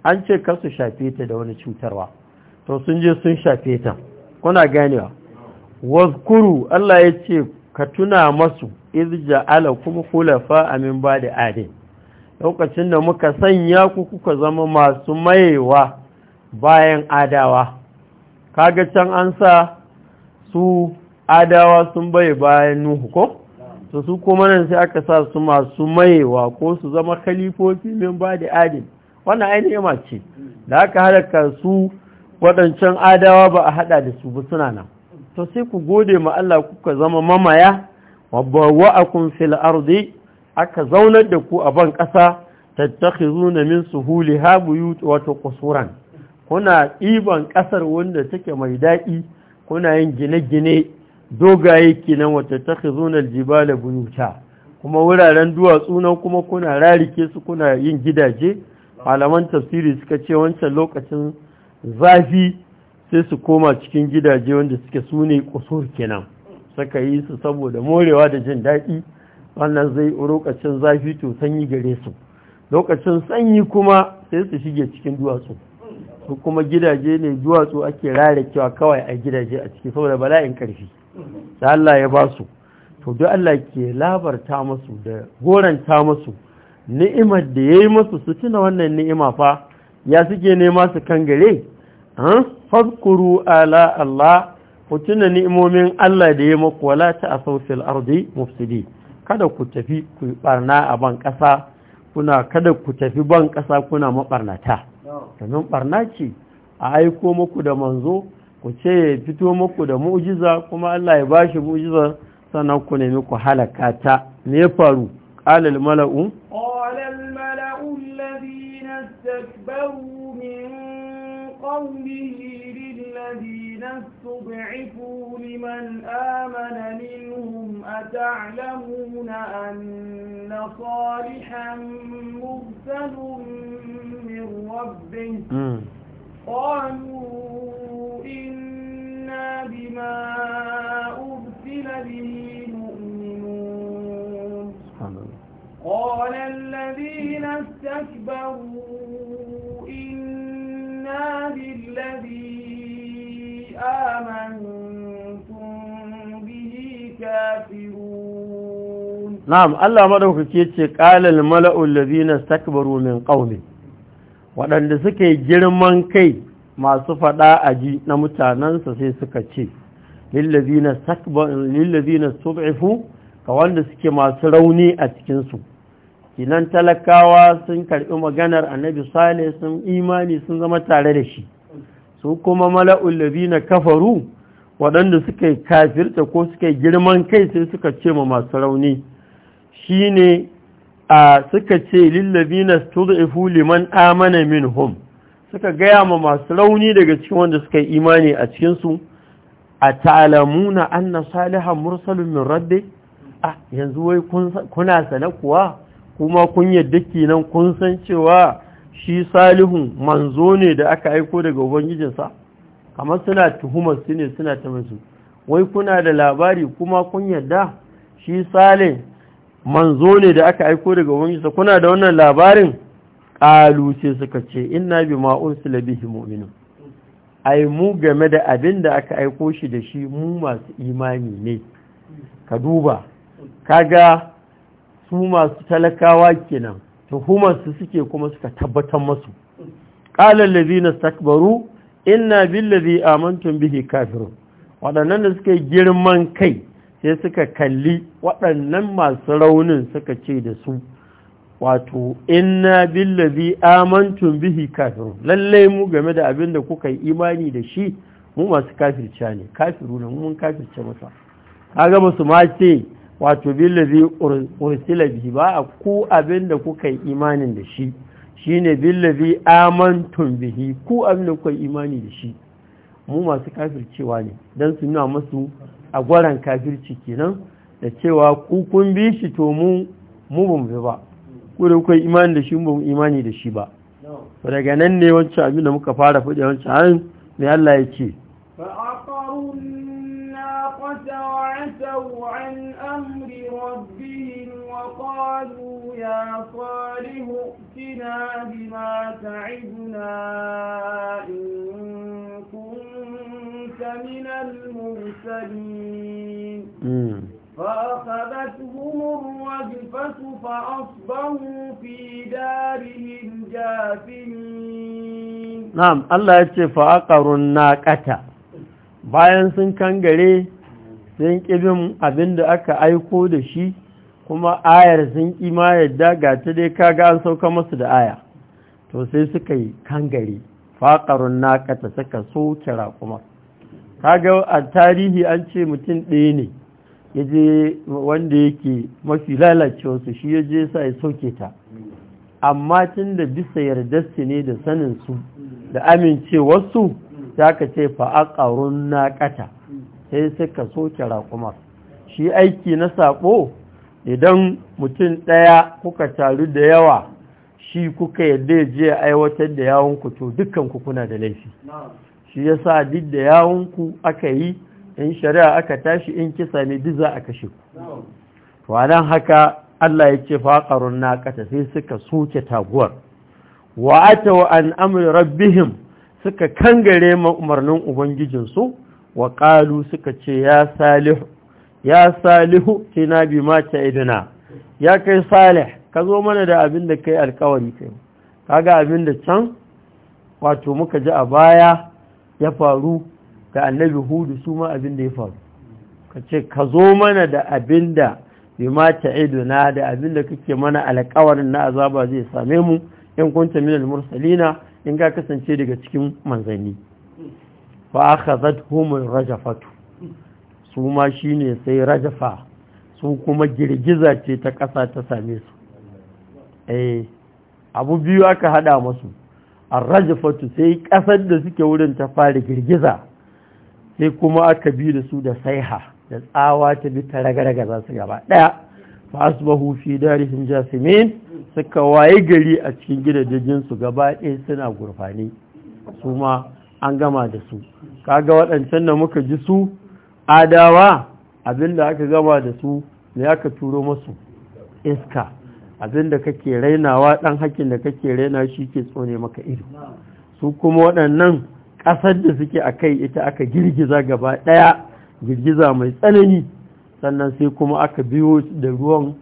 an ce kar shafe ta da wani cutarwa to sun je sun shafe ta kuna ganewa wazkuru Allah ya ce ka tuna masu izja ja'ala kuma fa amin ba da adin lokacin da muka sanya ku kuka zama masu mayewa bayan adawa kaga can an sa su adawa sun bai bayan nuhu ko to su kuma nan sai aka sa su masu mayewa ko su zama khalifofi min ba da adin wannan ma ce. da aka halaka su waɗancan adawa ba a haɗa da su ba suna nan to sai ku gode ma Allah kuka zama mamaya wabbawa'akum fil ardi aka zaunar da ku a ban ƙasa tattakhizuna min suhuliha buyut wa taqsuran kuna ɗiban ƙasar wanda take mai daɗi kuna yin gine-gine dogaye kenan wata takhizuna jibala buyuta kuma wuraren duwatsu na kuma kuna rarike su kuna yin gidaje malaman tafsiri suka ce wancan lokacin zafi sai su koma cikin gidaje wanda suke sune kusur kenan suka yi su saboda morewa da jin daɗi wannan zai lokacin zafi to sanyi gare su lokacin sanyi kuma sai su shige cikin duwatsu su kuma gidaje ne duwatsu ake rarikewa kawai a gidaje a ciki saboda bala'in karfi da Allah ya ba su to duk Allah ke labarta masu da goranta masu ni'imar da ya yi masu su tuna wannan ni'ima fa ya suke nema su kan gare fadkuru ala Allah ku tuna ni'imomin Allah da ya maku wala ta a ardi mufsidi kada ku tafi ku barna a ban kasa kuna kada ku tafi ban ƙasa kuna maɓarnata domin ɓarna ce a aiko muku da manzo ku ce ya fito muku da mu'jiza kuma Allah ya bashi mu'jiza sannan ku nemi ku halaka ta me ya faru qala al mala'u qala al mala'u alladhina istakbaru min qawmihi للذين استضعفوا liman amana minhum أتعلمون anna salihan مرسل min rabbih hmm. قالوا إنا بما أرسل به مؤمنون قال الذين استكبروا إنا بالذي آمنتم به كافرون نعم الله مدوك كيتش قال الملأ الذين استكبروا من قومه waɗanda suke girman kai masu faɗa a ji na mutanensa sai suka ce na sub'ifu ka wanda suke masu rauni a cikinsu kinan talakawa sun karɓi maganar annabi sale sun imani sun zama tare da shi su kuma mala'ul na kafaru waɗanda suka kafirta ko suka girman kai sai suka ce ma masu rauni shine a suka ce lillabina stud'ifu liman amana Hum suka gaya ma masu rauni daga cikin wanda suka yi imani a cikin su a ta'lamuna anna salihan mursalun min rabbi a yanzu wai kuna sana kuwa kuma kun yadda kenan kun san cewa shi salihun manzo ne da aka aiko daga ubangijinsa kamar suna tuhumar su ne suna ta wai kuna da labari kuma kun yadda shi salih manzo ne da aka aiko daga ubangiji kuna da wannan labarin Ƙalu sai suka ce inna su ursila bihi mu'minu ai mu game da abin da aka aiko shi da shi mu masu imani ne ka duba kaga su masu talakawa kenan tuhumarsu suke kuma suka tabbatar masu na sakbaru ina bi billazi amantum bihi kafirun waɗannan da suka yi girman kai sai suka kalli waɗannan masu raunin suka ce da su wato inna billazi amantun bihi kafiru lallai mu game da abin da kuka yi imani da shi mu masu kafirce ne kafiru ne mun kafirce masa kaga musu ma ce wato billazi ursila bihi ba a ku abin da kuka yi imanin da shi shine billazi amantun bihi ku abin da kuka yi imani da shi mu masu kafircewa ne dan su nuna musu a gwaran kafirci kenan da cewa ku kun bi shi to mu mu ba bi ba ku da kuka imani da shi mu ba imani da shi ba daga nan ne wancan abin da muka fara faɗi wancan harin mai Allah ya ce وعتوا وقالوا يا صالح ائتنا بما تعدنا إن من المرسلين فأخذتهم الرجفة فأصبحوا في دارهم جاثمين نعم الله يتشي أقر الناقة bayan sun kangare sun ƙibin abin da aka aiko da shi kuma ayar sun ƙi ma yadda ga ta dai kaga an sauka masu da aya to sai suka yi kangare faƙarun naƙata suka so kira kuma kaga a tarihi an ce mutum ɗaya ne ya je wanda yake mafi lalacewarsu shi ya je sa ya sauke ta amma tun da bisa yardarsu ne da saninsu da amincewarsu za ka ce fa'aƙarun naƙata sai suka soke raƙuma shi aiki na saƙo idan mutum ɗaya kuka taru da yawa shi kuka yadda ya je aiwatar da yawon kuto dukkan kuna da laifi shi ya sa duk da yawonku aka yi in shari'a aka tashi in kisa ne duk za a kashe ku wannan haka Allah ya ce faƙarun naƙata sai suka soke taguwar wa atawa an amri rabbihim suka kangare ma umarnin ubangijinsu wa ƙalu suka ce ya salihu ya salihu kina bi mata idina ya kai salih ka zo mana da abin da kai alkawari kai kaga abin da can wato muka ji a baya ya faru ga annabi hudu su ma abin da ya faru ka ce ka zo mana da abin da bai ma ta'iduna da abin da kake mana alƙawarin na azaba zai same mu in kunta al mursalina in ka kasance daga cikin manzanni fa akhadhatuhum rajafatu su ma shine sai rajafa su kuma girgiza ce ta ƙasa ta same su eh abu biyu aka hada musu fatu sai kasar da suke wurin ta fara girgiza sai kuma aka bi da su da saiha da tsawa ta bi ta ragaraga za su gaba daya fa asbahu fi darihim jasimin suka waye gari a cikin gidajen su gaba ɗaya suna gurfani su ma an gama da su kaga waɗancan da muka ji su adawa abinda aka gama da su ne aka turo masu iska abin da kake rainawa ɗan hakkin da kake raina shi ke tsone maka ido su kuma waɗannan ƙasar da suke a kai ita aka girgiza gaba ɗaya girgiza mai tsanani sannan sai kuma aka biyo da ruwan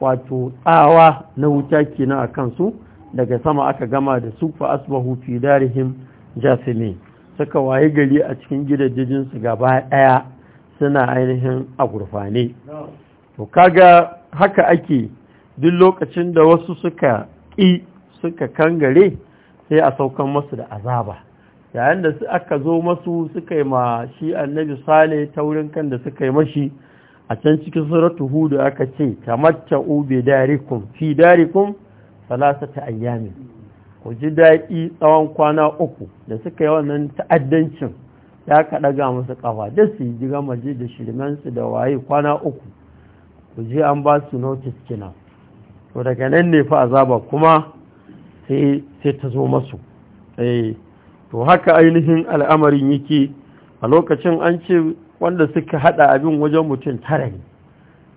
wato tsawa na wuta kenan a kansu daga sama aka gama da su fa asbahu fi darihim jasimi suka waye gari a cikin gidajejinsu su gaba ɗaya suna ainihin a gurfane to kaga haka ake duk lokacin da wasu suka ƙi suka kangare sai a saukan masu da azaba yayin da aka zo masu suka yi ma shi annabi sale wurin kan da suka yi mashi a can cikin suratu hudu aka ce ta tamatta'u ube darikum fi darikum salasata ayyami." ku ji daɗi tsawon kwana uku da suka yi wannan ta'addancin ya ka ɗaga musu ƙafa da su yi ji gama da shirmansu da waye kwana uku ku ji an ba su notice kenan to daga nan ne fa azaba kuma sai ta zo masu eh, to haka ainihin al'amarin yake a lokacin an ce wanda suka hada abin wajen mutum tara ne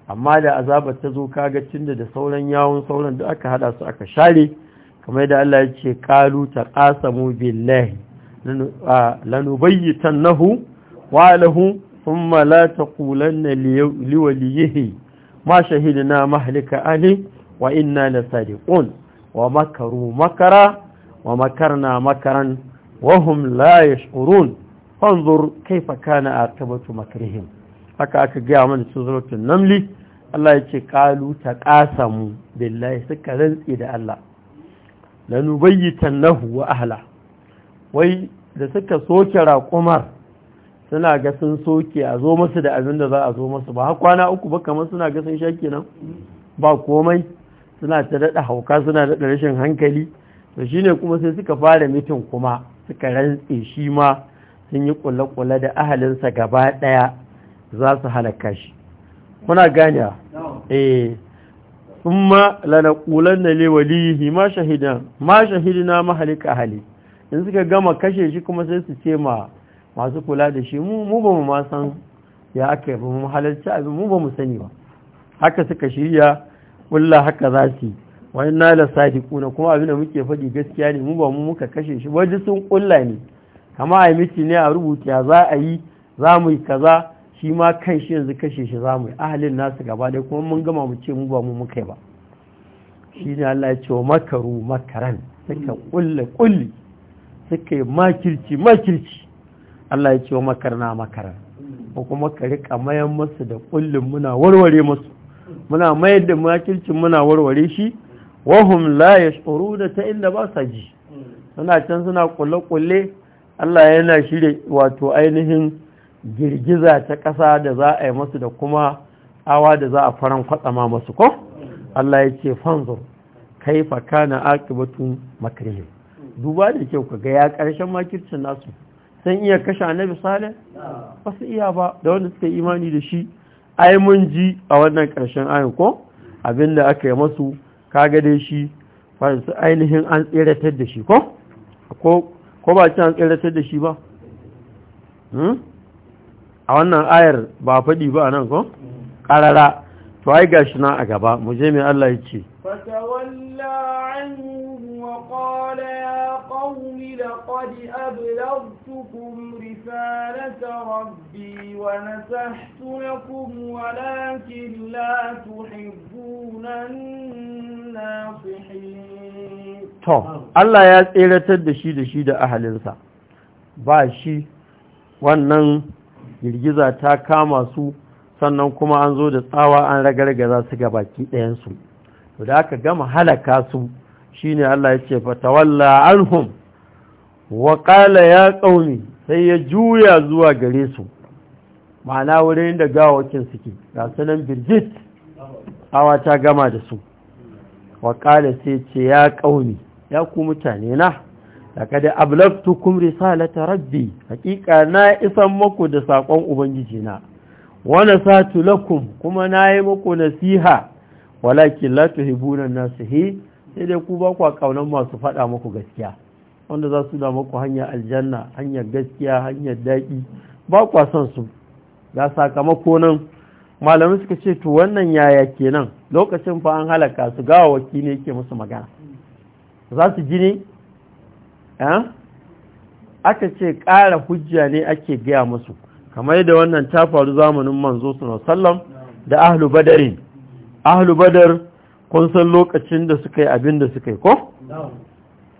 amma da azabar ta zo kaga tunda da sauran yawon sauran da aka hada su aka share kamar da Allah ya ce kalu taqasamu billahi lanubayyitannahu wa lahu thumma la taqulanna liwaliyihi ma shahidna mahlika ali wa inna lasadiqun wa makaru makara wa makarna makaran wa hum la yashurun fanzur kaifa kana aqibatu makrihim haka aka gaya mana cikin suratul namli Allah ya ce ta taqasamu billahi suka rantsi da Allah lanubayyitannahu wa ahla wai da suka soke raƙumar suna ga sun soke a zo masu da abin da za a zo masu ba kwana uku ba kamar suna ga sun sha kenan ba komai suna ta daɗa hauka suna daɗa rashin hankali to shine kuma sai suka fara mitin kuma suka rantse shi ma sun yi kule-kule da ahalinsa gaba ɗaya za su halaka shi kuna gane eh kuma lanakulan na lewalihi ma shahidan ma na mahalika ahali in suka gama kashe shi kuma sai su ce ma masu kula da shi mu ba mu ma san ya aka yi mu halarci abin mu ba mu sani ba haka suka shirya kulla haka za su yi wani na lissafi kuna kuma abinda muke faɗi gaskiya ne mu ba mu muka kashe shi waje sun kulla ne kama a miti ne a rubuta za a yi za mu yi kaza shi ma kan shi yanzu kashe shi za mu yi ahalin nasu gaba dai kuma mun gama mu ce mu ba mu muka yi ba shi ne Allah ya ce wa makaru makaran suka kulle kulli suka yi makirci makirci Allah ya ce wa makarna makaran ko kuma ka riƙa mayan musu da ƙullin muna warware masu muna mayar da makircin muna warware shi wahum la da ta inda ba sa ji suna can suna kulle-kulle Allah yana shirya wato ainihin girgiza ta ƙasa da za a yi masu da kuma awa da za a faran kwatsama masu ko Allah ya ce fanzo Kai faka na akibatun makirin duba da kyau ka ga ya ƙarshen makircin nasu sun iya kashe annabi salih ba su iya ba da wanda suka imani da shi ai mun ji a wannan ƙarshen ayin ko abinda aka yi masu kaga dai shi su ainihin an tseratar da shi ko ko ba an tseratar da shi ba hmm? a wannan ayar ba faɗi ba nan ko ƙarara to ai gashi na a gaba mu je mai Allah ya ce anhu wa qala قوم لقد أبلغتكم رسالة ربي ونسحت لكم ولكن لا تحبون الناصحين طب الله ya tseratar da shi da shi da wannan girgiza ta kama su sannan kuma an zo da tsawa an ragargaza su ga baki ɗayansu to da aka gama halaka su shine Allah ya ce fatawalla anhum wa ƙala ya ƙauni sai ya juya zuwa gare su ma'ana wurin da gawakin suke ga sunan birgit awa ta gama da su wa ƙala sai ce ya ƙauni ya ku mutane na daga da kum risalata rabbi hakika na isan maku da saƙon ubangiji na wani satu lakum kuma nayi yi maku nasiha walakin la tuhibuna nasihi sai dai ku ba ku kaunan masu faɗa maku gaskiya wanda za su da ku hanyar aljanna hanyar gaskiya hanyar daƙi ba kwa son su ga sakamako nan malamai suka ce to wannan yaya kenan lokacin fa an halaka su gawa waki ne ke musu magana za su ji ne eh? aka ce ƙara hujja ne ake gaya musu kamar yadda wannan ta faru zamanin manzo sallam da ahlu badarin ahlu badar kun san lokacin da suka yi abin da suka yi ko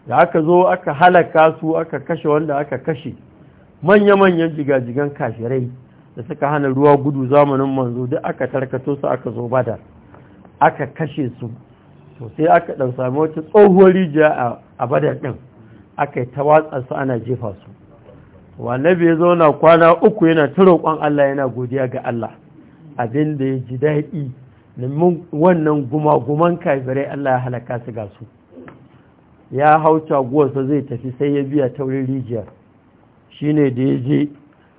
da aka zo aka halaka su aka kashe wanda aka kashe manya-manyan jigajigan kafirai da suka hana ruwa gudu zamanin manzo duk aka tarkato su aka zo bada aka kashe su to sai aka dan sami wata tsohuwar rijiya a badar din aka yi ta su ana jefa su wannabi ya zauna kwana uku yana ta roƙon Allah yana godiya ga Allah abin da ya ji daɗi wannan gumaguman kafirai Allah ya halaka su ga su ya hau taguwarsa zai tafi sai ya biya ta wurin rijiyar shi ne da ya je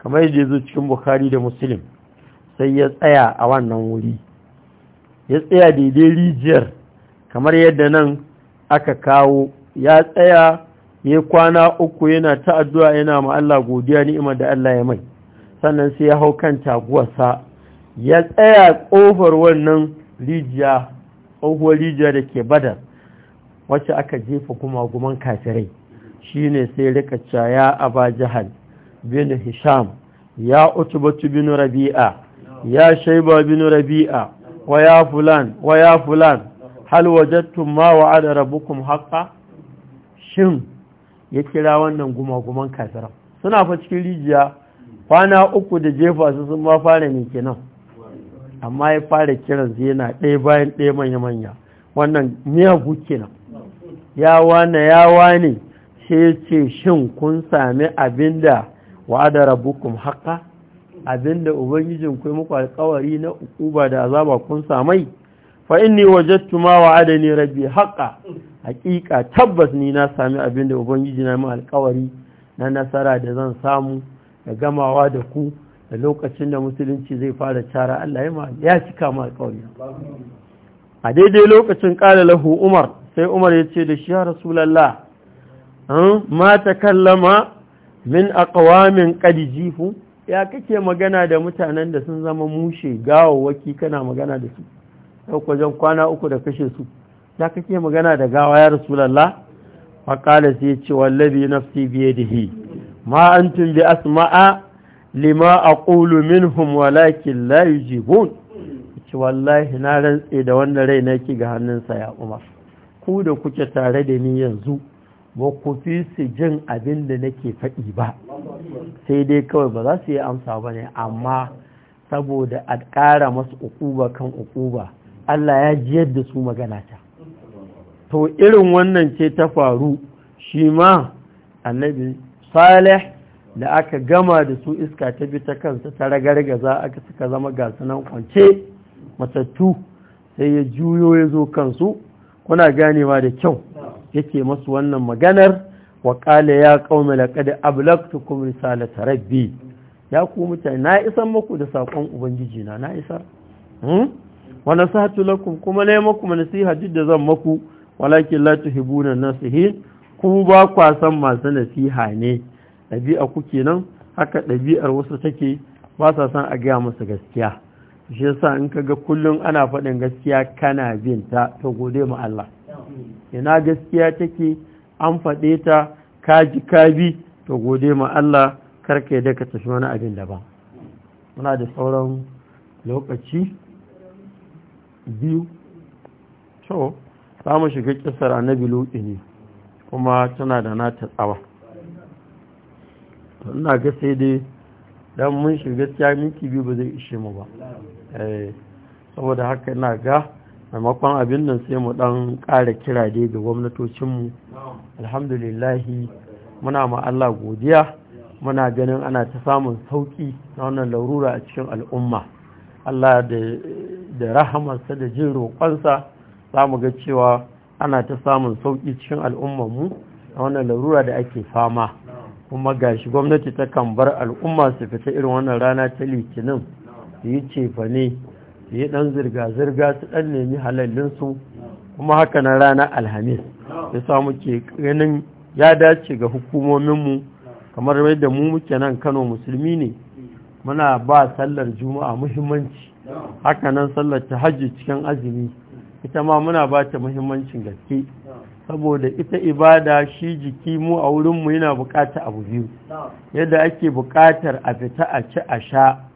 kamar yadda ya zo cikin bukari da musulun sai ya tsaya a wannan wuri ya tsaya daidai rijiyar kamar yadda nan aka kawo ya tsaya ya kwana uku yana ta addu'a yana ma Allah godiya ni'imar da Allah ya mai sannan sai ya hau kan taguwarsa ya tsaya ƙofar wannan rijiya rijiyar rijiya da ke badar wacce aka jefa kuma guman kafirai shine sai rika a ba jihar bin hisham ya utubatu bin rabi'a ya shaiba bin rabi'a wa ya fulan wa ya fulan hal wajadtum ma wa'ada rabbukum shin ya kira wannan gumaguman kafiran suna fa cikin rijiya kwana uku da jefa su sun ma fara ne kenan amma ya fara kiran yana ɗaya bayan ɗaya manya-manya wannan miyagu kenan ya wane ya wane shi ce shin kun sami abinda wa'ada rabbukum abin abinda ubangijin kai muku alƙawari na ukuba da azaba kun samai fa inni wajadtu ma ni rabbi haka hakika tabbas ni na sami abinda ubangiji na mu alƙawari na nasara da zan samu da gamawa da ku da lokacin da musulunci zai fara cara Allah ya cika mu alkawari a daidai lokacin ƙara lahu umar sai umar ya ce da shi ya rasulallah hmm, ma ta kallama min aqwamin ƙawamin jifu ya kake magana da mutanen da sun zama mushe gawawaki kana magana da su ɗaukwajen kwana uku da kashe su ya kake magana da gawa ya rasulallah faƙala sai ya ce wallabi nafsi biye da hi ma an asma'a lima a ƙulu minhum walakin la yujibun ce wallahi na rantse da wanda rai na nake ga hannunsa ya umar ku da kuke tare da ni yanzu ba ku fi su jin abin da nake faɗi ba sai dai kawai ba za su yi amsa ba ne amma saboda a ƙara masu ukuba kan ukuba Allah ya ji yadda su magana ta to irin wannan ce ta faru shi ma annabi salih da aka gama da su iska ta bi ta kansa ta ragargaza aka suka zama gasu nan kwance matattu sai ya juyo ya zo kansu kuna ganewa da kyau yake masu wannan maganar wa qala ya qaumi laqad ablaqtukum risalata rabbi ya ku mutane na isar muku da sakon ubangiji na na isar hmm wa nasahatu lakum kuma ne muku nasiha da zan muku walakin la tuhibuna nasihin ku ba kwa san masu nasiha ne ɗabi'a ku kenan haka ɗabi'ar wasu take ba sa san a gaya musu gaskiya shi yasa in kaga kullum ana faɗin gaskiya kana bin ta ta gode ma Allah ina gaskiya take an faɗe ta kaji kabi ta gode ma Allah kai da ka tafi wani abin da ba. muna da sauran lokaci biyu to za mu shiga kisar annabi luɗi ne kuma tana da nata tsawa ina ga sai dai don mun shiga gaskiya miki biyu ba zai ishe mu ba Eh, saboda haka ina ga maimakon abin nan sai mu dan ƙara kira dai ga gwamnatocinmu alhamdulillahi muna ma Allah godiya muna ganin ana ta samun sauƙi na wannan larura a cikin al'umma Allah da rahamarsa da jin roƙonsa za mu ga cewa ana ta samun sauƙi cikin al'ummanmu a wannan larura da ake fama kuma gashi gwamnati ta kan bar al'umma su fita irin wannan rana ta litinin su yi cefane su yi ɗan zirga-zirga su ɗan nemi halallinsu kuma haka na ranar alhamis ya samu ke ganin ya dace ga hukumominmu kamar yadda mu muke nan kano musulmi ne muna ba sallar juma'a muhimmanci haka nan sallar ta hajji cikin azumi ita ma muna ba ta muhimmancin gaske saboda ita ibada shi jiki mu a wurinmu yana bukata abu biyu yadda ake bukatar a fita a ci a sha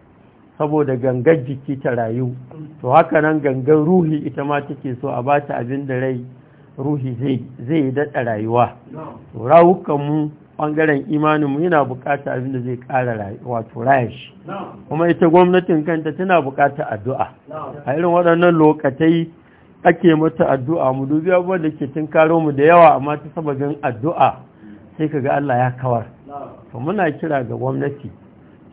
saboda gangar jiki ta rayu to haka nan gangar ruhi ita ma take so a bata abin da rai ruhi zai yi daɗa rayuwa to rawukanmu ɓangaren imaninmu yana buƙatar abin da zai ƙara wato raya shi kuma ita gwamnatin kanta tana buƙatar addu'a a irin waɗannan lokatai ake mata addu'a mu dubi abubuwan da ke tun karo mu da yawa amma ta sababin addu'a sai ka ga Allah ya kawar to muna kira ga gwamnati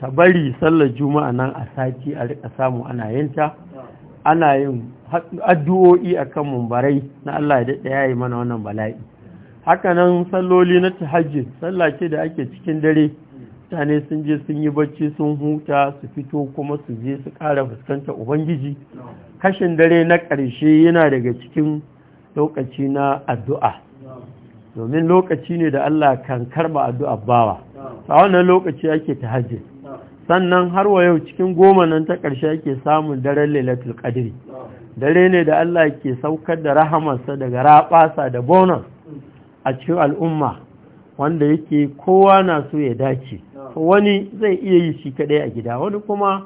ta bari sallar juma'a nan a sati a rika samu ana yinta ana yin addu'o'i a kan mumbarai na Allah ya daɗa yayi mana wannan bala'i hakanan salloli na tahajji sallah ce da ake cikin dare mutane sun je sun yi bacci sun huta su fito kuma su je su ƙara fuskantar ubangiji kashin dare na ƙarshe yana daga cikin lokaci na addu'a domin lokaci ne da Allah kan karba addu'a bawa a wannan lokaci ake tahajjud sannan har wa yau cikin goma nan ta ƙarshe ake samun daren lelatul ƙadiri dare ne da Allah ke saukar da rahamarsa daga raɓasa da bonus a cikin al'umma wanda yake kowa na so ya dace wani zai iya yi shi kaɗai a gida wani kuma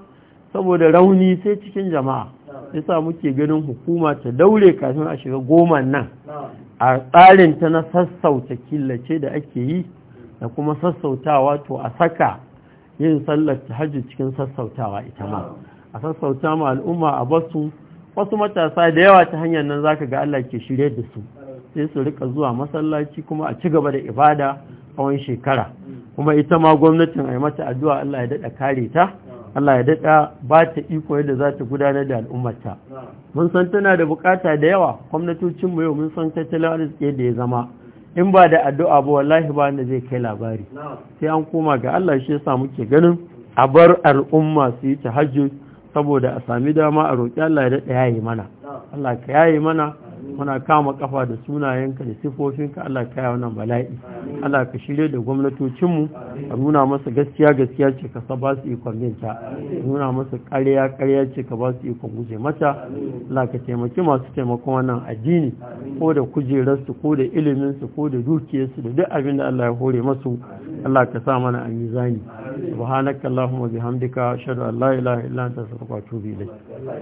saboda rauni sai cikin jama'a yasa muke ganin hukuma ta daure kafin a shiga goma nan a tsarin ta na sassauta killace da ake yi da kuma sassautawa to a saka yin sallar hajji cikin sassautawa ita ma a sassauta ma al'umma a basu wasu matasa da yawa ta hanyar nan zaka ga Allah ke shirye da su sai su rika zuwa masallaci kuma a ci gaba da ibada tsawon shekara kuma ita ma gwamnatin a yi mata addu'a Allah ya daɗa kare ta Allah ya dada ba ta iko yadda za ta gudanar da al'ummata mun san tana da bukata da yawa gwamnatocinmu yau mun san tattalin arziki da ya zama in ba da addu'a ba wallahi ba wanda zai kai labari sai an koma ga Allah shi ya yasa muke ganin a bar al'umma su yi hajji saboda a sami dama a roƙi Allah ya daɗa yayi mana Allah ka yayi mana muna kama kafa da sunayenka da sifofinka Allah ka yi wannan bala'i Allah ka shirye da gwamnatocinmu ka nuna masa gaskiya gaskiya ce ka ba su ikon binta ka nuna masa ƙarya ƙarya ce ka ba su ikon guje mata Allah ka taimaki masu taimakon wannan addini ko da kujerarsu ko da iliminsu ko da dukiyarsu da duk abin da Allah ya hore masu Allah ka sa mana a mizani subhanakallahumma bihamdika ashhadu an la ilaha illa anta astaghfiruka wa atubu ilayk